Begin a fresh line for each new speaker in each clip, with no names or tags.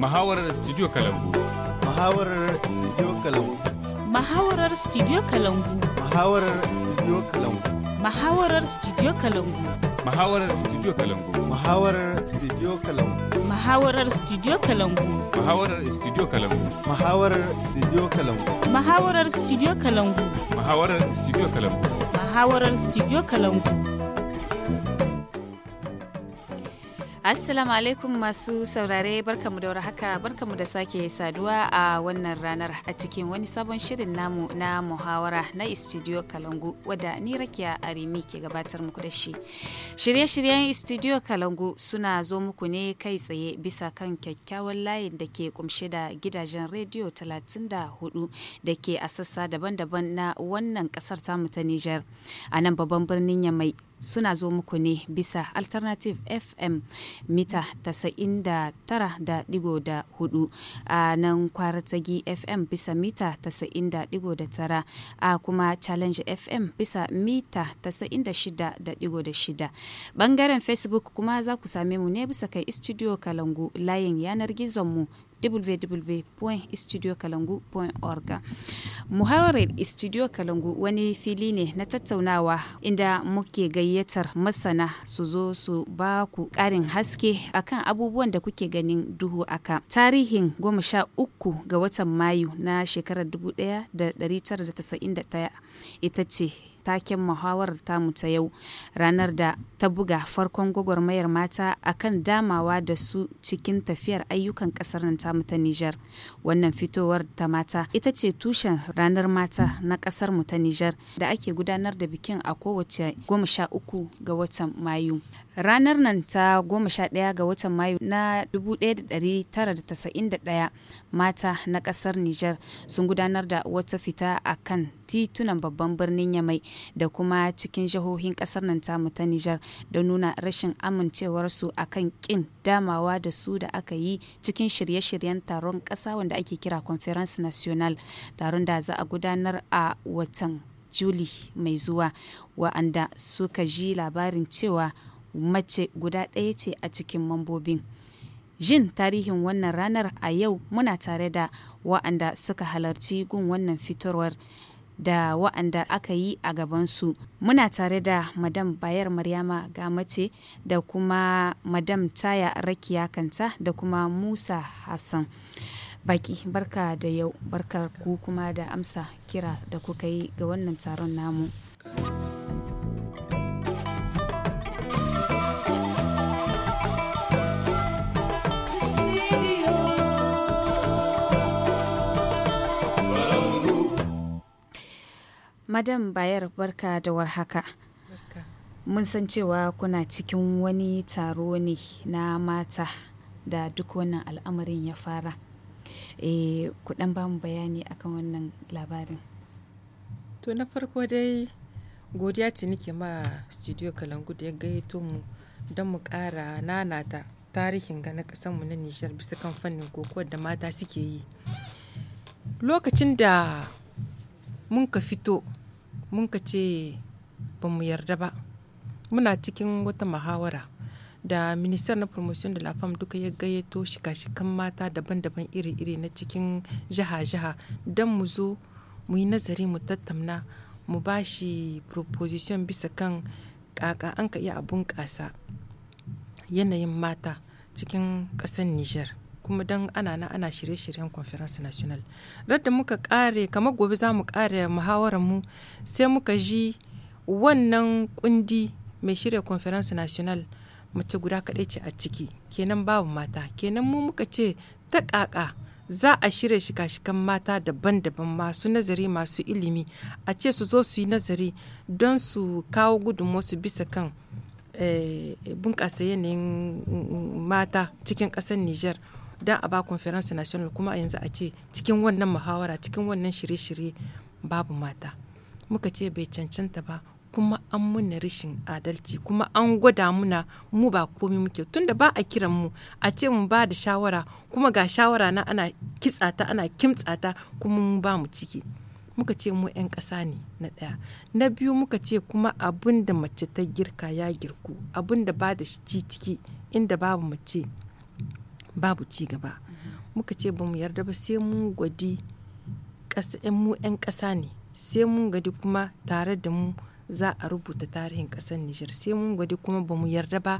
Muhawarar Studio Kalambu. Muhawarar Studio Kalambu.
Muhawarar Studio Kalambu.
Muhawarar
Studio Kalambu.
Muhawarar Studio Kalambu.
Muhawarar Studio Kalambu.
Muhawarar Studio Kalambu.
Muhawarar Studio
Kalambu. Muhawarar Studio Kalambu.
Muhawarar Studio Kalambu.
Muhawarar Studio Kalambu. Muhawarar Studio Kalambu.
Muhawarar Studio studio Kalambu. Assalamu alaikum masu saurare barkamu da warhaka barkamu da sake saduwa a wannan ranar a cikin wani sabon shirin namu na muhawara na Studio Kalangu wadda ni Rakiya Arimi ke gabatar muku da shi. Shirye-shiryen Studio Kalangu suna zo muku ne kai tsaye bisa kan kyakkyawan layin da ke kumshe da gidajen rediyo 34 da ke a sassa daban-daban na wannan kasar tamu ta Nijar. A nan babban birnin Yamai suna zo muku ne bisa alternative fm mita 99.4 a nan kwaratagi fm bisa mita 99.9 a kuma challenge fm bisa mita 96.6 bangaren facebook kuma za ku same mu ne bisa kai studio kalangu layin yanar gizon mu www.studiokalangu.org muhawarar studio kalangu wani fili ne na tattaunawa inda muke gayyatar masana su zo su ba ku ƙarin haske akan abubuwan da kuke ganin duhu aka tarihin goma sha uku ga watan mayu na shekarar 1991 ita ce taken muhawarar tamu ta yau ranar da ta buga farkon gwagwarmayar mata a kan damawa da su cikin tafiyar ayyukan kasar nan tamu ta Nijar. Wannan fitowar ta mata ita ce tushen ranar mata na kasar mu ta Nijar da ake gudanar da bikin a kowace goma sha uku ga watan Mayu. Ranar nan ta goma sha ɗaya ga watan Mayu na 1991 mata na kasar Nijar sun gudanar da wata fita akan titunan babban birnin Yamai da kuma cikin jihohin kasar nan tamu ta Nijar da nuna rashin amincewarsu a kan kin damawa da su da aka yi cikin shirye-shiryen taron ƙasa wanda ake kira Conference National taron da za a gudanar a watan Juli mai zuwa wa'anda suka ji labarin cewa mace guda ɗaya ce a cikin mambobin. Jin tarihin wannan ranar a yau muna tare da wa'anda suka halarci gun wannan fitarwar da wa'anda aka yi a gabansu muna tare da madam bayar maryama gamace da kuma madam taya rakiya kanta da kuma musa hassan baki barka da yau barkar ku kuma da amsa kira da kuka yi ga wannan taron namu. madam bayar barka da warhaka mun san cewa kuna cikin wani taro ne na mata da duk wannan al'amarin ya fara e, eh, kudan bamu bayani akan wannan labarin
to na farko dai godiya ce nake ma studio kalangu da ya gayyato mu don mu ƙara nanata tarihin ga na mu na nishar bisa kan fannin kokowar da mata suke yi lokacin da mun ka fito mun ka ce ba mu yarda ba muna cikin wata muhawara da minister na promotion da la FAM duka ya gayyato shika-shikan mata daban-daban iri-iri na cikin jiha-jiha don mu zo mu yi nazari mu tattauna mu ba shi proposition bisa kan kaka an ka iya a bunƙasa yanayin mata cikin ƙasar niger kuma don ana na ana shirye-shiryen conference national radda muka kare kamar gobe za mu kare muhawarar mu sai muka ji wannan kundi mai shirya conference national mace guda kaɗai ce a ciki kenan babu mata kenan mu muka ce ta ƙaƙa za a shirya shika-shikan mata daban-daban masu nazari masu ilimi a ce su zo su yi nazari don su kawo gudunmuwarsu bisa kan eh, bunƙasa yanayin mm, mm, mata cikin ƙasar Nijar da a ba conference national kuma a yanzu a ce cikin wannan muhawara cikin wannan shirye-shirye babu mata muka ce bai cancanta ba kuma an muna rashin adalci kuma an gwada muna mu ba komi muke tunda ba a kiran mu a ce mu ba da shawara kuma ga shawara na ana kitsata ana kimtsata kuma mu ba mu ciki muka ce mu 'yan ƙasa ne na ɗaya na biyu muka ce kuma abin da mace ta girka ya girku abin da ba da shi ciki inda babu mace babu ci gaba muka ce ba mu yarda ba sai mun gwadi mu 'yan ƙasa ne sai mun gwadi kuma tare da mu za a rubuta tarihin ƙasar Nijar sai mun gwadi kuma ba mu yarda ba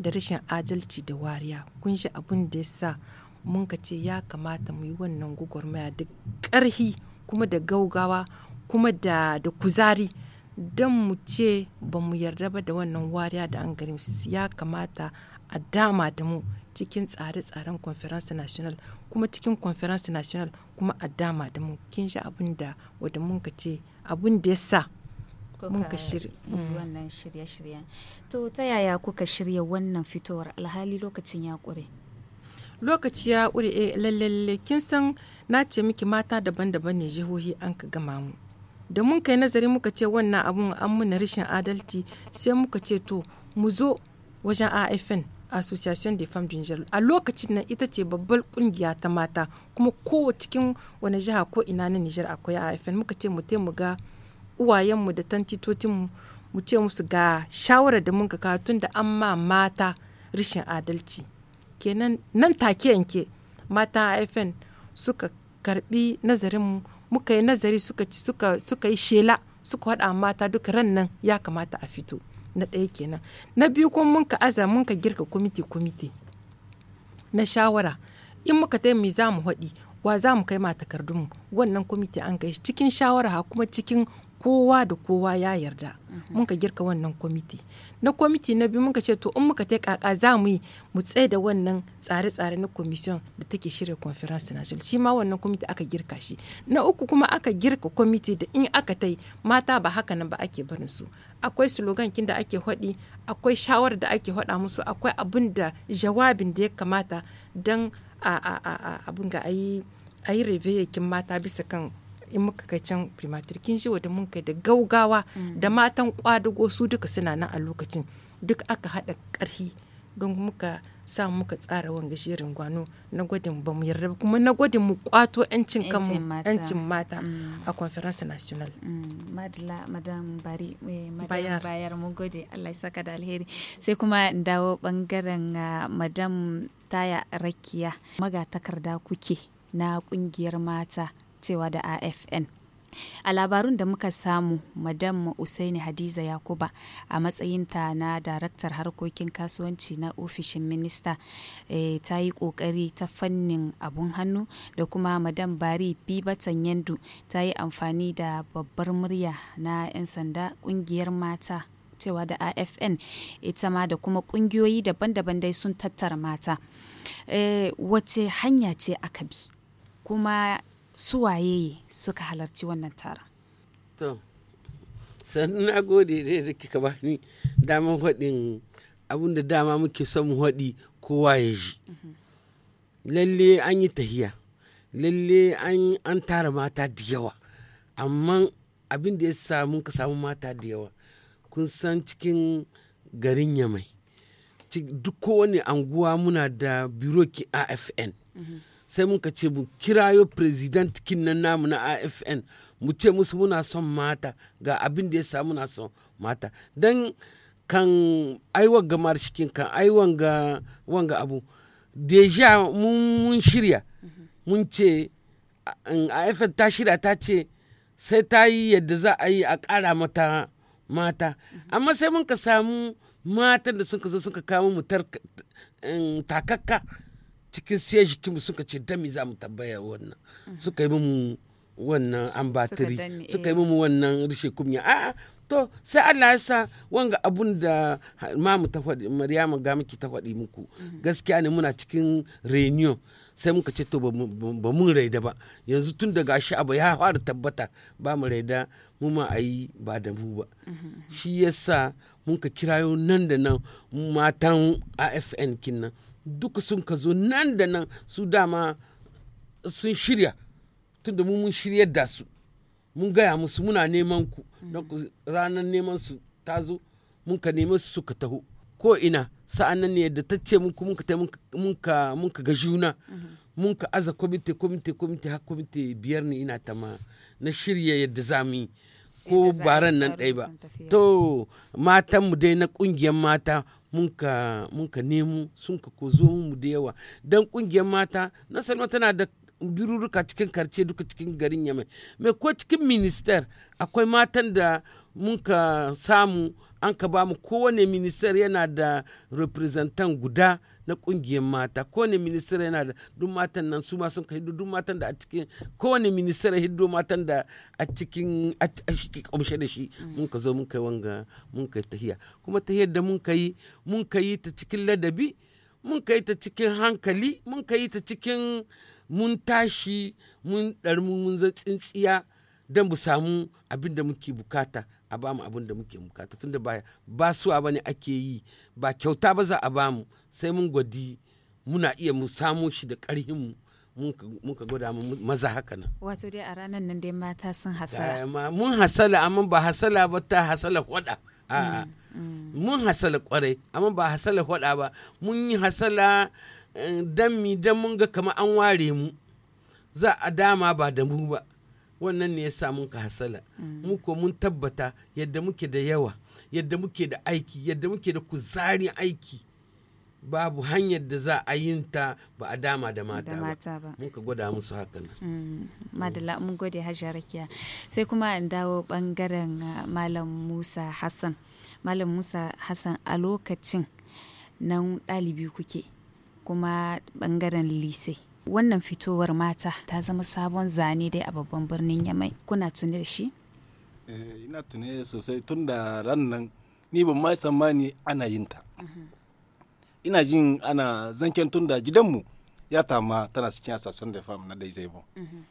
da rashin adalci da wariya kun shi abin da ya sa mun ka ce ya kamata mu yi wannan gwagwarmaya da ƙarhi kuma da gaugawa kuma da, da kuzari don mu ce ba mu yarda ba da wannan wariya da an gari ya kamata a dama da mu cikin tsare-tsaren conference national kuma cikin conference national kuma a dama da mun kin shi abin da wadda mun ka ce abin da ya sa mun ka shirya mm.
wannan shirye-shiryen to ta yaya kuka shirya wannan fitowar alhali lokacin ya kure.
lokaci ya kure eh lalle kin san na ce miki mata daban-daban ne jihohi an ka gama mu da mun kai nazari muka ce wannan abun an muna rashin adalci sai muka ce to mu zo wajen afn association des femmes du niger a lokacin nan ita ce babbar kungiya ta mata kuma ko cikin wani jiha ko ina na niger akwai afn muka ce mu mu ga uwayenmu da tantitotin mu ce musu ga shawara da mun ka tun da an ma mata rashin adalci kenan nan take yanke mata afn suka karbi nazarinmu muka yi nazari suka suka yi shela suka hada mata duk ran nan ya kamata a fito na ɗaya kenan na biyu kuma mun ka aza mun ka girka kwamiti kwamiti na shawara in muka tai mu za mu haɗi wa za mu kai ma takardunmu wannan kwamiti an kai cikin shawara ha kuma cikin kowa da kowa ya yarda mhm. mun ka girka wannan kwamiti na kwamiti na biyu mun ka ce to in muka ta kaka za mu yi mu tsaye da wannan tsare-tsare na commission da take shirya conference international shi ma wannan kwamiti aka girka shi na uku kuma aka girka kwamiti da in aka tai mata ba haka nan ba ake barin su akwai slogan kin da ake haɗi akwai shawar da ake haɗa musu akwai abin da jawabin da ya kamata don a abin ga ayi yi reveye kin mata bisa kan in muka kai can primatir kin shi wadda mun kai da gaugawa da mm. matan kwadago su duka suna nan a lokacin duk aka haɗa ƙarfi don muka sa muka tsara wanga shirin gwano na gwadin ba mu yarda kuma na gwadin mu kwato yancin kanmu yancin mata mm. a conference national
mm. madala madam bari eh, madam bayar mu gode Allah ya saka da alheri sai kuma dawo bangaren ah, madam taya rakiya takarda kuke na kungiyar mata cewa da afn a labarun da muka samu madam usaini hadiza yakuba a matsayinta na daraktar harkokin kasuwanci na ofishin minista e, ta yi kokari ta fannin abun hannu da kuma madam bari bibatan yandu ta yi amfani da babbar murya na 'yan sanda kungiyar mata cewa da afn ita ma da kuma kungiyoyi daban-daban dai sun tattara mata e, wace hanya ce aka bi kuma su waye suka halarci wannan taron
to sannan na gode dai da kika bani damar faɗin abin da dama muke son mu haɗi kowa ya shi. lalle an yi tahiya lalle an tara mata da yawa amma abin da ya samu ka samu mata da yawa kun san cikin garin yamai duk kowane anguwa muna da biroki afn mm -hmm. sai mun ce mu kirayo president kin nan namu na afn mu ce musu muna son mata ga abin da ya sa muna son mata don kan aiwan ga marshikin kan aiwan ga wanga abu deja mun shirya mun ce afn ta shirya ta ce sai ta yi yadda za a yi a kara mata mata amma sai mun ka samu matan da suka ka zo sun ka kawo mu eh, takakka cikin siya jikinmu suka ce dami za mu tabbaya wannan suka yi mu wannan ambatiri suka yi eh. mu wannan rushe kumya a to sai Allah ya sa wanga abun da mamu ta faɗi Maryama ga miki ta faɗi muku mhm. gaskiya ne muna cikin reunion sai muka ce to ba mun raida ba yanzu tun daga shi abu ya fara tabbata ba mu raida mu ma a yi ba da mu ba shi yasa mun ka kirayo nan da nan matan afn kinna duka sun ka zo nan da nan su dama sun shirya tun da mun shiryar da su mun gaya musu muna neman ku ranar neman su ta zo mun ka neman su suka taho ko ina sa'an nan ne da ta ce mun muka ta mun ka ga juna mhm. mun ka aza komite komite komite har komite biyar ne ina ta ma na shirya yadda za mu yi ko baran nan ɗaya ba to matan mu dai na ƙungiyar mata mun ka nemo sun ka ko zo mu da yawa don ƙungiyar mata na salma tana da biruruka cikin karce duka cikin garin yamai mai ko cikin minister akwai matan da muka samu an ka bamu kowane minister yana da representant guda na kungiyar mata kowane minister yana da duk matan nan su ma sun ka hiddo duk matan da a cikin kowane minister hiddo matan da a cikin a shi kamshe da shi mm. mun ka zo mun kai wanga mun kai tahiya kuma tahiyar da mun kai mun kai ta cikin ladabi mun kai ta cikin hankali mun kai ta cikin mun tashi mun ɗarmu mun zan tsintsiya don mu samu abin da muke bukata a bamu abin da muke bukata tunda ba ba suwa bane ake yi ba kyauta ba za a bamu sai mun gwadi muna iya mu samo shi da ƙarhinmu muka gwada mu maza haka nan.
Wato dai a ranar nan dai mata sun hasala. Eh,
mun hasala amma ba hasala ba ta hasala hoda. A'a. Mm, mm. Mun hasala kwarai amma ba hasala hoda ba mun yi hasala Eh, dan mi dan mun ga kama an ware mu za a dama ba da mu ba wannan ne ya sa mun ka hasala mm. mu ko mun tabbata yadda muke da yawa yadda muke da aiki yadda muke da kuzari aiki babu hanyar da za a yin ta ba a dama da mata ba mun ka gwada musu hakan
mm. mm. madalla mun gode hajjarakiya sai kuma in dawo bangaren eh, malam musa hassan malam musa hassan a lokacin nan ɗalibi kuke kuma bangaren lise wannan fitowar mata ta zama sabon zane dai a babban birnin yamai kuna tuni da shi
eh, ina tuni sosai tun da ran nan ni ban ma tsammani ana yin ta mhm. ina jin ana zanken tun da gidanmu ya tama tana cikin asasun da fam na dai zaibo mhm.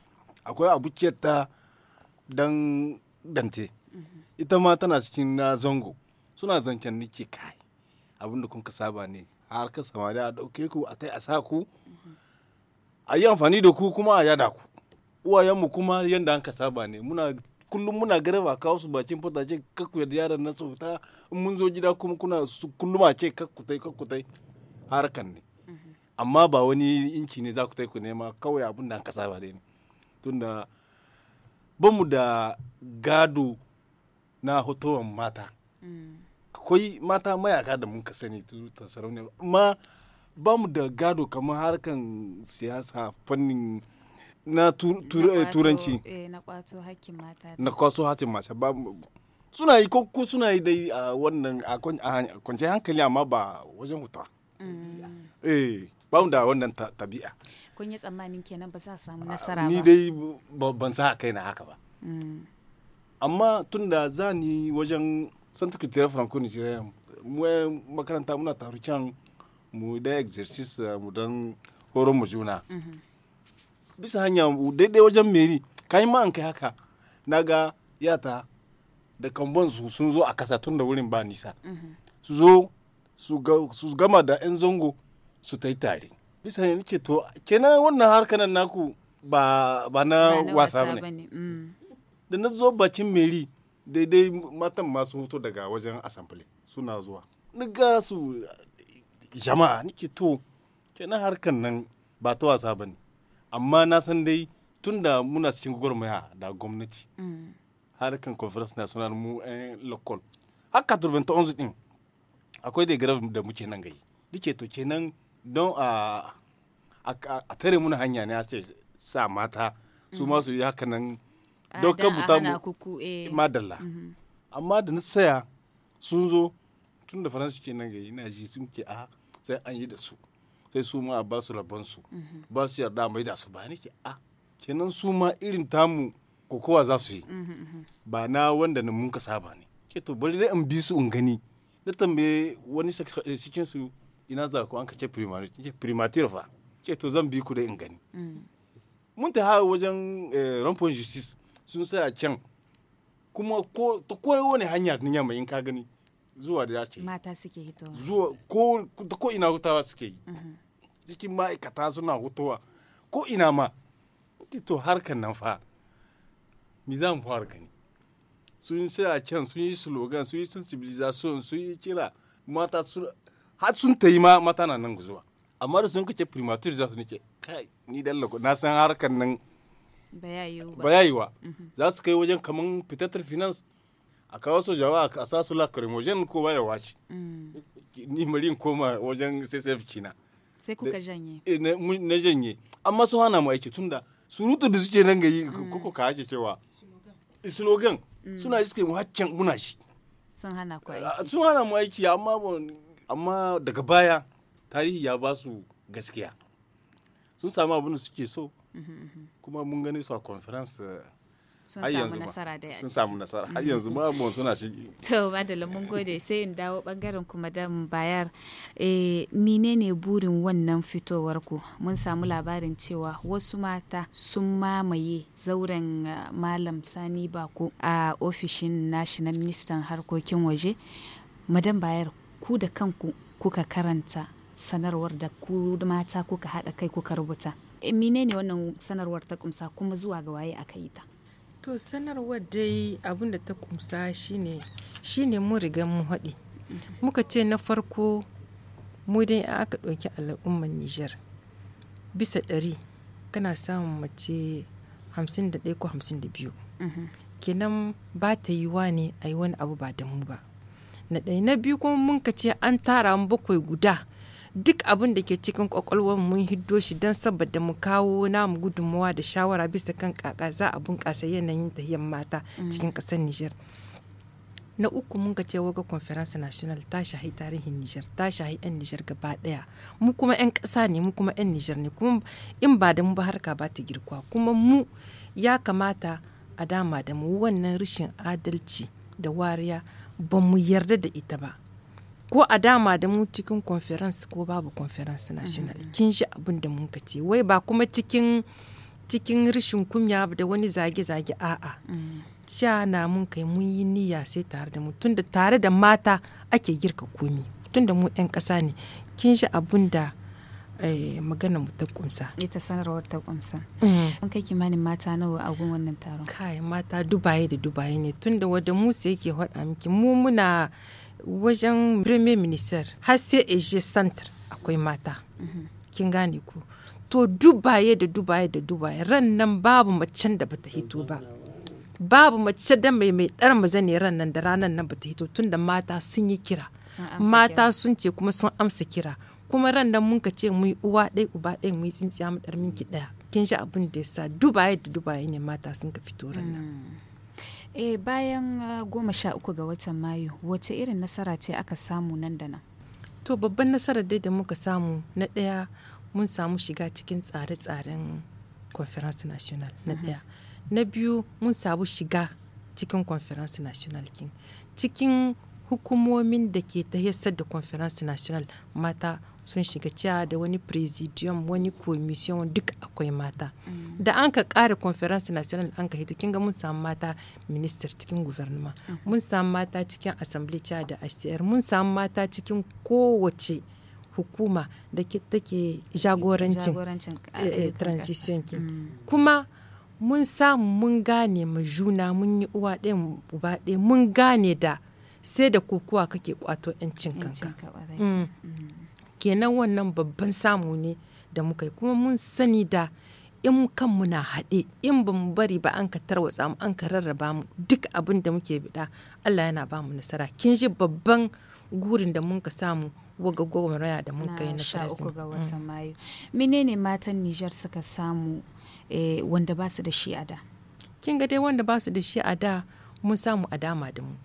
akwai abokiyar ta dan dante mhm. ita ma tana cikin na zango suna zancen nike kai abinda kun ka saba ne harkar a ɗauke ku a tai a sa ku a yi amfani da ku kuma a yada ku uwayenmu kuma yadda an ka saba ne kullum muna garba kawo su bakin fata ce kakku yadda yaran na su in mun zo gida kuma kuna su kullum a ce kakku tai kakku ne amma ba wani inci ne za ku tai ku nema kawai abin da an ka saba ne tunda bamu da gado na hotowar mata mm. akwai mata mayaka da muka sani ta sarauniya amma ba mu da gado kamar harkan siyasa fannin na eh, turanci eh, na kwaso hakin mata ba suna yi ko suna yi dai a wannan a kwanci hankali amma ba wajen huta
mm.
eh ba mu da wannan tabi'a
kun yi tsammanin kenan ba za samu nasara ba ni dai
ban sa kai na haka ba mm. amma tunda za ni wajen santa kirtiyar franco nigeria mu makaranta muna taru can mu dan exercice mu dan horo mu juna bisa hanya daidai wajen meri kai ma an kai haka na yata da kambon su sun zo a kasa tun da wurin ba nisa su zo su gama da 'yan zango su ta yi tare bisa hanya ce to kenan wannan na naku ba na wasa ba ne mm. da na zo bakin meri daidai matan masu hoto daga wajen asamble suna zuwa ni ga su jama'a nike to kenan harkan nan ba ta wasa ba ne amma na san dai tun da muna cikin gwagwarmaya da gwamnati harkan conference national mu yan lokal ta 91 din akwai da grave da muke nan gai dike to kenan don a a tare muna hanya ne a ce sa mata su masu yi haka don buta mu
eh. madalla mhm.
amma da na saya sun zo tun da faransu ke nan gari na ji sun ke a sai an yi da su sai su ma a ba su rabon su mhm. ba su yarda mai da su ba ni ke a kenan su ma irin tamu kokowa za su yi
mhm,
ba na wanda na mun saba ne ke to bari dai in bi su in gani na tambaye wani eh, cikin su ina za ku an ka primatir fa ke to zan bi ku da in gani mm. mun ta wajen eh, rampon justice sun saya can kuma ko ta kowane hanya ta yamma in ka gani zuwa da za mata suke hito zuwa ko ta ko ina hutawa suke yi mm-hmm. cikin ma'aikata suna hutowa ko ina ma to harkar nan fa mi za mu fara gani sun saya can sun yi slogan sun yi sensibilization sun yi kira mata sun har sun ta yi ma mata na nan zuwa amma da sun kace primature za su nike kai ni dan na san harkar nan
ba ya yi wa
mhm. za su kai wajen kaman fitattar finance a kawo su jawa a sa su la cremogen ko ba ya wace mm. ni marin koma wajen ssf kina
sai kuka janye
eh, na janye amma su hana mu aiki tunda surutu da suke nan gayi kuka ka hake mm. cewa slogan eh, mm. suna iske mu haccen muna shi sun hana ku ah, aiki sun hana mu aiki amma amma daga baya tarihi ya ba su gaskiya sun samu abin da suke so kuma mun gani su a conference eh, sun samu nasara sun samu har yanzu ma mu suna shi
to da mun gode sai in dawo bangaren kuma da bayar eh menene burin wannan fitowar ku mun samu labarin cewa wasu mata sun mamaye zauren eh, malam Sani Bako a ofishin National Ministan harkokin waje madan bayar ku da kanku kuka karanta sanarwar da ku mata kuka haɗa kai kuka rubuta Eh, ne wannan sanarwar ta kumsa kuma zuwa ga waye aka yi ta
to sanarwar dai abin da ta kumsa shine shine mun riga mun haɗi muka ce na farko mu dai aka ɗauki al'ummar Nijar bisa ɗari kana samun mace 51 ko hamsin da biyu mhm. kenan ba ta yi wa ne a yi wani abu ba da mu ba na ɗaya na biyu kuma mun ka ce an tara mu bakwai guda duk abin da ke cikin kwakwalwar mun hiddo shi don saboda mu kawo namu gudunmuwa da shawara bisa kan kaka za a bunƙasa yanayin tahiyyar mata mm. cikin ƙasar Nijar. na uku mun ga cewa ga conference national ta shahi tarihin Nijar ta shahi yan Nijar gaba daya mu kuma yan ƙasa ne mu kuma yan Nijar ne kuma in ba da mu ba harka ba ta girkwa kuma mu ya kamata a dama da mu wannan rashin adalci da wariya ba mu yarda da ita ba ko a dama da mu cikin conference ko babu conference national mm-hmm. kin shi abin da mun ce wai ba kuma cikin cikin rishin kunya da wani zage-zage a'a mm-hmm. sha na mun kai mun yi niyya sai tare da mu tunda tare da mata ake girka komi tunda mu 'yan ƙasa ne kin shi abin da eh, magana mu ta kumsa ita sanarwar ta kumsa an mm-hmm. kai kimanin mata nawa a gun wannan taron kai mata dubaye da dubaye ne tunda wanda mu sai ke hada miki mu muna wajen premier minister har sai eje center akwai mata kin gane ku to dubaye da dubaye da dubaye ran nan babu macen da bata hito ba babu mace da mai mai dar ne ran nan da ranan nan bata hito tunda mata sun yi kira mata sun ce kuma sun amsa kira kuma ran nan mun ka ce mu uwa dai uba dai mu tsintsiya mu dar minki daya kin sha abin da sa dubaye da dubaye ne mata sun ka fito ran nan mm.
E bayan ah, goma sha uku ga watan Mayu, wace irin nasara ce aka samu nan da nan? To babban nasarar dai da muka
samu na ɗaya mun samu shiga cikin tsare-tsaren conference national na mhm. ɗaya. Na biyu mun samu shiga cikin conference national kin. Cikin hukumomin da ke ta da conference national mata sun shiga cewa da wani presidium wani commission duk akwai mata mm. da an ka kara conference national an ka hita kinga mun samu mata minister cikin gouvernement mm. mun samu mata cikin assembly cewa da HCR mun samu mata cikin kowace hukuma da take jagorancin
eh, eh, eh, transition
mm. kuma mun samu mun gane mu juna mun yi uwa ɗaya uba ɗaya mun gane da sai da kokowa kake kwato 'yancin kanka kenan wannan babban samu ne da muka yi kuma mun sani da in kanmu na haɗe in ba mu bari ba an ka tarwatsa mu an ka rarraba mu duk abin da muke biɗa Allah yana ba mu nasara kin ji babban gurin da mun ka samu waga gwamnati da mun kai na sha uku ga mm. watan mayu menene matan Nijar suka samu eh, wanda ba su da shi a da kin ga dai wanda ba su da shi a da mun samu a dama da mu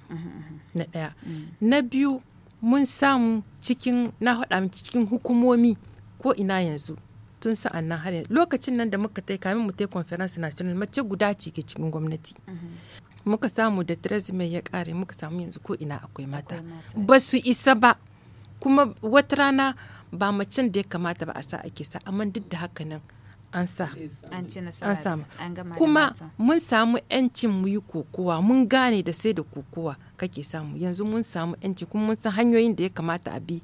na ɗaya mm. na biyu mun samu cikin na faɗa miki cikin hukumomi ko ina yanzu tun sa'an nan har yanzu lokacin nan da muka tai kamin mu tai conference national mace guda ce ke cikin gwamnati
mm-hmm.
muka samu da mai ya kare muka samu yanzu ko ina akwai mata ba su isa ba kuma wata rana ba macen da ya kamata ba a sa ake sa amma duk da haka nan an sa
an samu kuma
mun samu yancin mu yi kokowa mun gane da sai da kokowa kake samu yanzu mun samu yanci kuma mun san hanyoyin da ya kamata a bi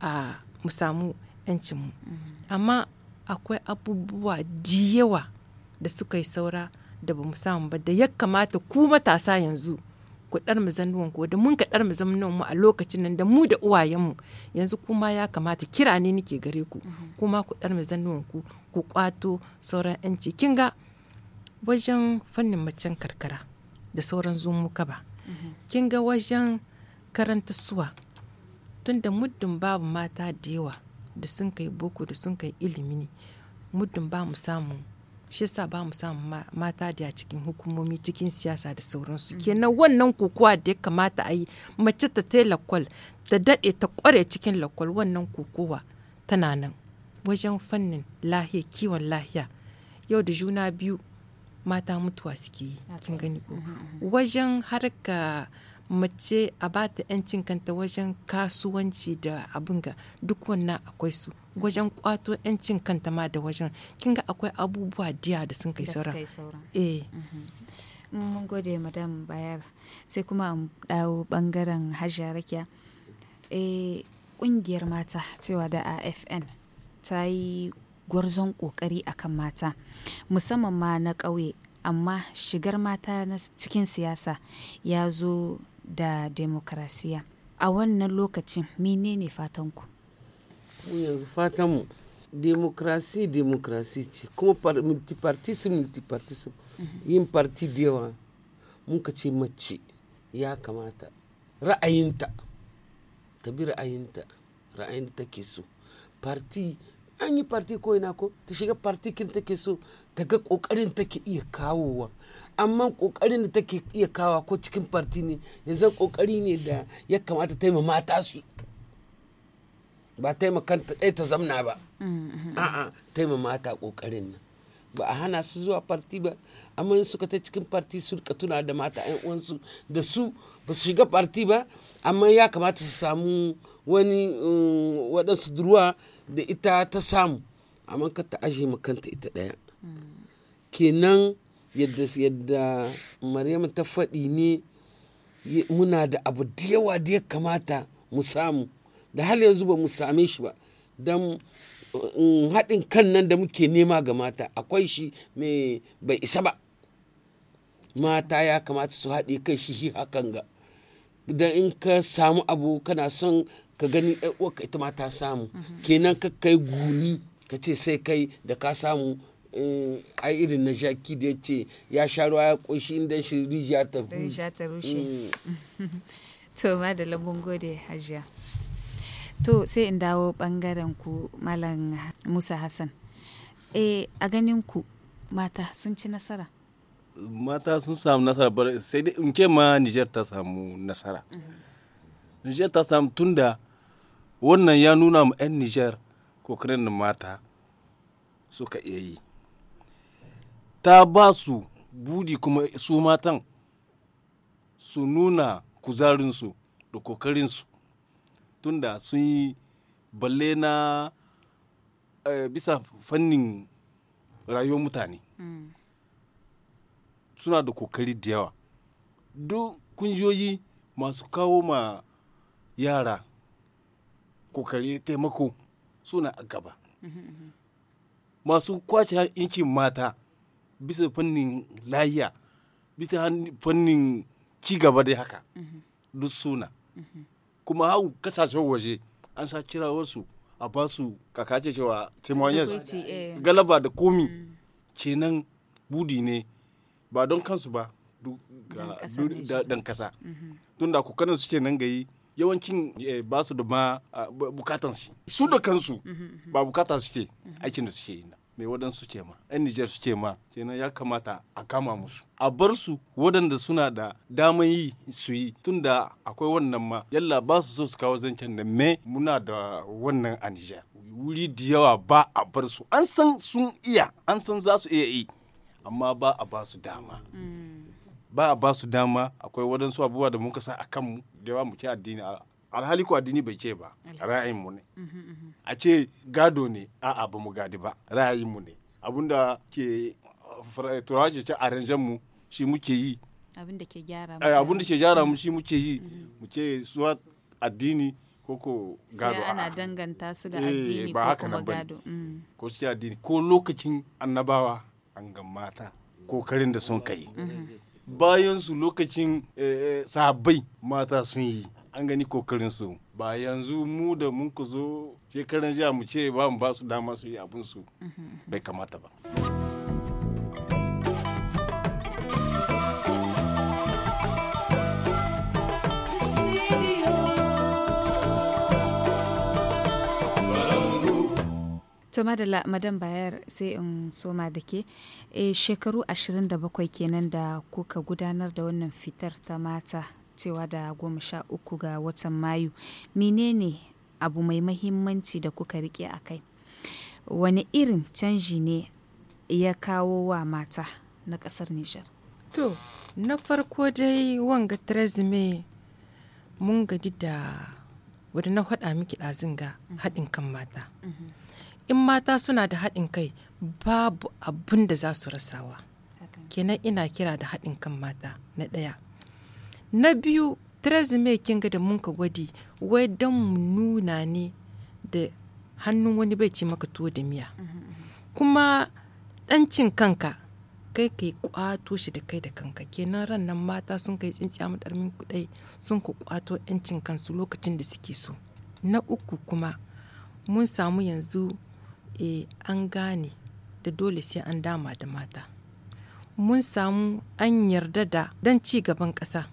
a mu samu yancin mu mm-hmm. amma akwai abubuwa da da suka yi saura da ba mu samu ba da ya kamata ku matasa yanzu ku dar mu zannuwan ku da mun ka dar mu zannuwan mu a lokacin nan da mu da uwayenmu yanzu kuma ya kamata kira ne nake gare ku kuma ku dar mu zannuwan ku ku kwato sauran yanci kin ga wajen fannin macen karkara da sauran zumuka ba kin ga wajen karanta suwa tunda muddin babu mata da yawa da sun kai boko da sun kai ilimi ne muddin ba mu samu shi yasa ba mu samun mata da cikin hukumomi cikin siyasa da sauransu mm. kenan wannan kokowa da ya kamata a yi mace ta ta lakwal ta daɗe ta ƙware cikin lakwal wannan kokowa tana nan wajen fannin lahiya kiwon lahiya yau da juna biyu mata mutuwa suke yi kin gani ko mm-hmm, mm-hmm. wajen harka mace a ba ta 'yancin kanta wajen kasuwanci da abin ga duk wannan akwai su wajen kwato 'yancin kanta ma da wajen kinga akwai abubuwa diya da sun kai sauran
eh mhm. mm, mun gode madam bayar sai kuma an dawo bangaren hajiya rakiya eh kungiyar mata cewa da afn ta yi gwarzon kokari akan mata musamman ma na ƙauye amma shigar mata na cikin siyasa ya zo da demokrasiya a wannan lokacin menene fatanku
mu yanzu mu demokrasi demokrasi ce kuma multipartism multipartism mhm. yin parti da yawa muka ce mace ya kamata ra'ayinta ta bi ra'ayinta ra'ayin da take so parti an yi parti ko ina ko ta shiga parti kin take so ta ga kokarin take iya kawowa amma kokarin da take iya kawa ko cikin parti ne ya yanzu kokari ne da ya kamata ta yi mata su ba ta yi taimakanta ɗaya ta zamna ba mm-hmm. a'a ma mata kokarin nan ba a hana su zuwa farti ba amma in suka ta cikin farti su rika tuna da mata 'yan uwansu da su ba su shiga farti ba amma ya kamata su samu wani eh, waɗansu duruwa da ita ta samu amma ka ta ajiye makanta ita ɗaya kenan yadda yadda maryam ta faɗi ne muna da abu da yawa da ya kamata mu samu da hal yanzu ba mu same shi ba don Mm, haɗin kan nan da muke nema ga mata akwai shi mai bai isa ba mata ya kamata su haɗi kai shi shi hakan ga da in ka samu abu kana son ka gani ka ita mata samu kenan ka kai guni ka ce sai kai da ka samu eh, ai irin na shaki da ya ce ya sha ruwa ya ƙunshi inda shi rijiya ta rushe
mm. to ma da gode hajiya to sai in dawo bangaren ku malam musa hassan e a ganin ku mata sun ci nasara
mata sun samu nasara sai dai in ma niger ta samu nasara mm-hmm. niger ta samu tunda wannan ya nuna mu 'yan niger kokarin mata suka iya yi ta ba su budi kuma su matan su nuna kuzarinsu da kokarinsu tunda sun yi balle na eh, bisa fannin rayuwar mutane mm. suna da kokari da yawa duk kungiyoyi masu kawo ma yara kokari taimako suna a gaba mm-hmm. masu kwace yankin mata bisa fannin layya bisa fannin gaba da haka mm-hmm. duk suna mm-hmm. kuma hau kasashen waje an sa kira wasu a ba su kakace cewa testimonials eh. galaba da komi mm. kenan budi ne ba don kansu ba dan kasa tun da mm-hmm. su kenan gayi yawancin eh, ba su da ma ah, bukatansu su da kansu mm-hmm, mm-hmm. ba bukata suke aikin da suke yi mai waɗansu ke ma 'yan Nijar suke ma kenan ya kamata a kama musu a bar su waɗanda suna da daman yi su yi tunda akwai wannan ma yalla ba su so su kawo zancen da me muna da wannan a Nijar wuri da yawa ba a bar su an san sun iya an san za su iya yi amma ba a ba su dama mm. ba a ba su dama akwai waɗansu abubuwa da muka sa a kanmu da yawa muke addini alhali ko addini bai ce ba ra'ayin mu ne mhm, mhm. a ce gado ne a'a abu mu gadi ba ra'ayin mu ne abinda ke turaje ce a arrangen mu shi muke yi
abinda eh, da ke gyara mu da ke gyara mu
shi muke yi mhm. mu ce suwa addini ko ko gado
ana danganta su da eh, addini ko nan ba ko mm.
su addini ko lokacin annabawa an ga mata kokarin da sun kai bayan su lokacin eh, sahabbai mata sun yi an gani kokarin su ba yanzu mu da mun ku zo shekaran jiya mu ce ba mu ba su dama su yi abin su bai kamata ba
to madalla madan bayar sai in soma da ke eh, shekaru 27 kenan da kuka gudanar da wannan fitar ta mata cewa da goma sha uku ga watan mayu menene abu mai mahimmanci da kuka rike a kai wani irin canji ne ya kawo wa mata na kasar nijar to na farko dai wanga tresme
mun gadi da wadda na haɗa miki ɗazinga mhm. haɗin kan mata mhm. in mata suna da haɗin kai babu abin da za su rasawa kenan ina kira da haɗin kan mata na ɗaya na biyu trazime kinga da mun ka gwadi wai don mu nuna ne da hannun wani bai ce maka tuwo da miya kuma ɗancin kanka kai ka yi kwato shi da kai da kanka kenan ran nan mata sun kai tsintsiya madarmin kudai sun ku kwato yancin kansu lokacin da suke so na uku kuma mun samu yanzu e, an gane da dole sai an dama da mata mun samu an yarda da don ci gaban ƙasa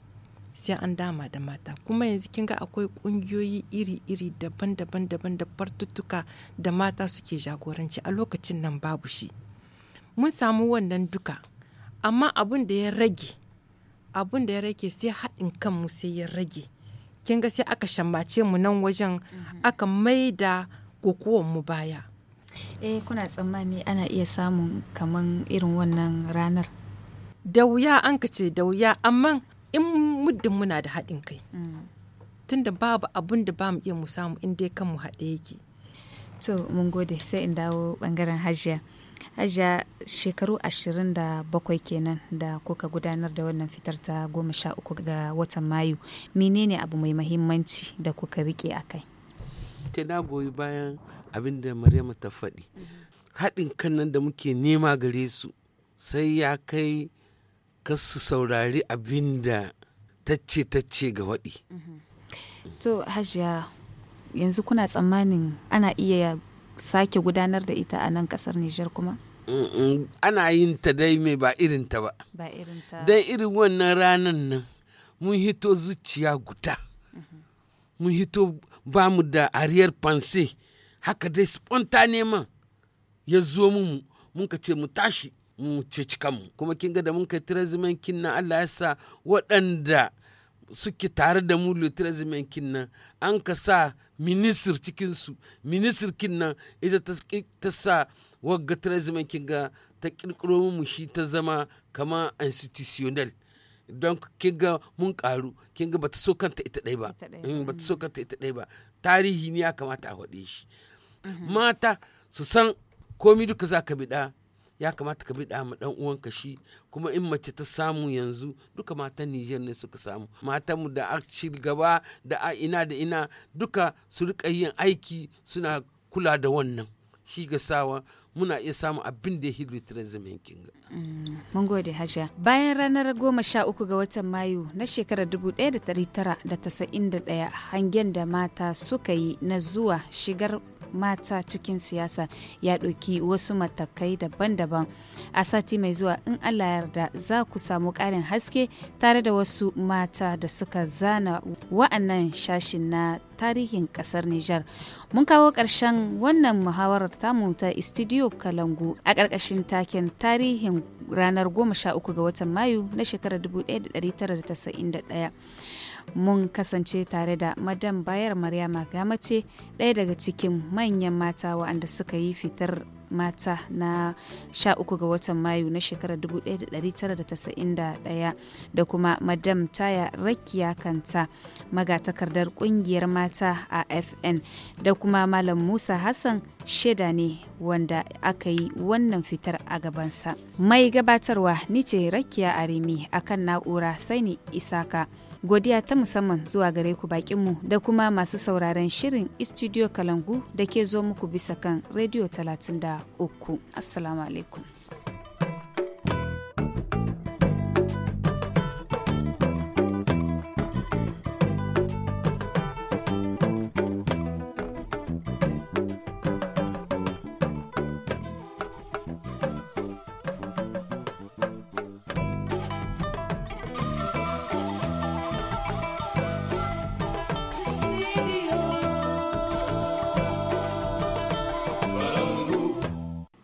sai an dama da mata kuma yanzu kin ga akwai kungiyoyi iri-iri daban-daban daban da fartuttuka da mata suke jagoranci a lokacin nan babu shi mun samu wannan duka amma abun da ya rage abin da ya rage sai haɗin kanmu sai ya rage kin ga sai aka shammace mu nan wajen mhm. aka mai maida mu baya
eh kuna tsammani ana iya samun kaman irin wannan ranar
da wuya an ka ce da wuya amma in muddin muna da haɗin kai mm.
tunda babu abun da ba mu iya mu samu in dai kanmu haɗe yake to mun gode sai in dawo bangaren hajiya hajiya shekaru 27 kenan da kuka gudanar da wannan fitar ta 13 ga watan mayu menene abu mai mahimmanci da kuka rike a kai
ta na goyi bayan abin da maryama ta faɗi mm-hmm. haɗin kan nan da muke nema gare su sai ya kai ka su saurari abin da tacce tacce ga waɗi.
to hajiya yanzu kuna tsammanin ana iya sake gudanar da ita a nan ƙasar nijar kuma
ana yin ta dai mai ba irinta ba ba irinta dan irin wannan ranan nan mun hito zuciya guda mun hito ba mu da ariyar fanse haka dai spontane man ya zo mu mun ka ce mu tashi mu cuci kanmu kuma kin ga da mun kai tirazimankin kin nan Allah ya sa waɗanda suke tare da mu litirazimen kin nan an ka sa minisir cikinsu minisir kin nan ita ta sa wagga tirazimankin kin ga ta ƙirƙiro mu shi ta zama kama institutional don kin ga mun ƙaru kin ga bata so kanta ita ɗai ba bata mm, so kanta ita ɗai ba tarihi ne ya kamata a haɗe shi mhm. mata su san komi duka za ka biɗa ya kamata ka biɗa ma ɗan uwanka shi kuma in mace ta samu yanzu duka matan Nijar ne suka samu matanmu da a gaba da a ina da ina duka su riƙa yin aiki suna kula da wannan shi ga sawa muna iya samun abin da ya hidu yankin ga.
Mm, mun gode Hajiya. Bayan ranar goma sha uku ga watan Mayu na shekarar dubu ɗaya da tara da tasa'in da ɗaya hangen da mata suka yi na zuwa shigar mata cikin siyasa ya ɗauki wasu matakai daban-daban a sati mai zuwa in allah yarda za ku samu ƙarin haske tare da wasu mata da suka zana wa'annan shashin na tarihin ƙasar Nijar. Mun kawo ƙarshen wannan muhawarar tamu ta Istidiyo Kalangu a ƙarƙashin taken tarihin ranar 13 ga watan Mayu na shekarar 1991. mun kasance tare da madan bayar maryama gamace ɗaya daga cikin manyan mata waɗanda suka yi fitar mata na 13 ga watan mayu na shekarar 1991 da kuma madam taya rakiya kanta magatakardar kungiyar mata a fn da kuma malam musa hassan shaida ne wanda aka yi wannan fitar a gabansa mai gabatarwa ni ce rakiya arimi akan na'ura sai ni isaka Godiya ta musamman zuwa gare ku bakinmu da kuma masu sauraron shirin Studio Kalangu da ke zo muku bisa kan Radio 33. Assalamu alaikum.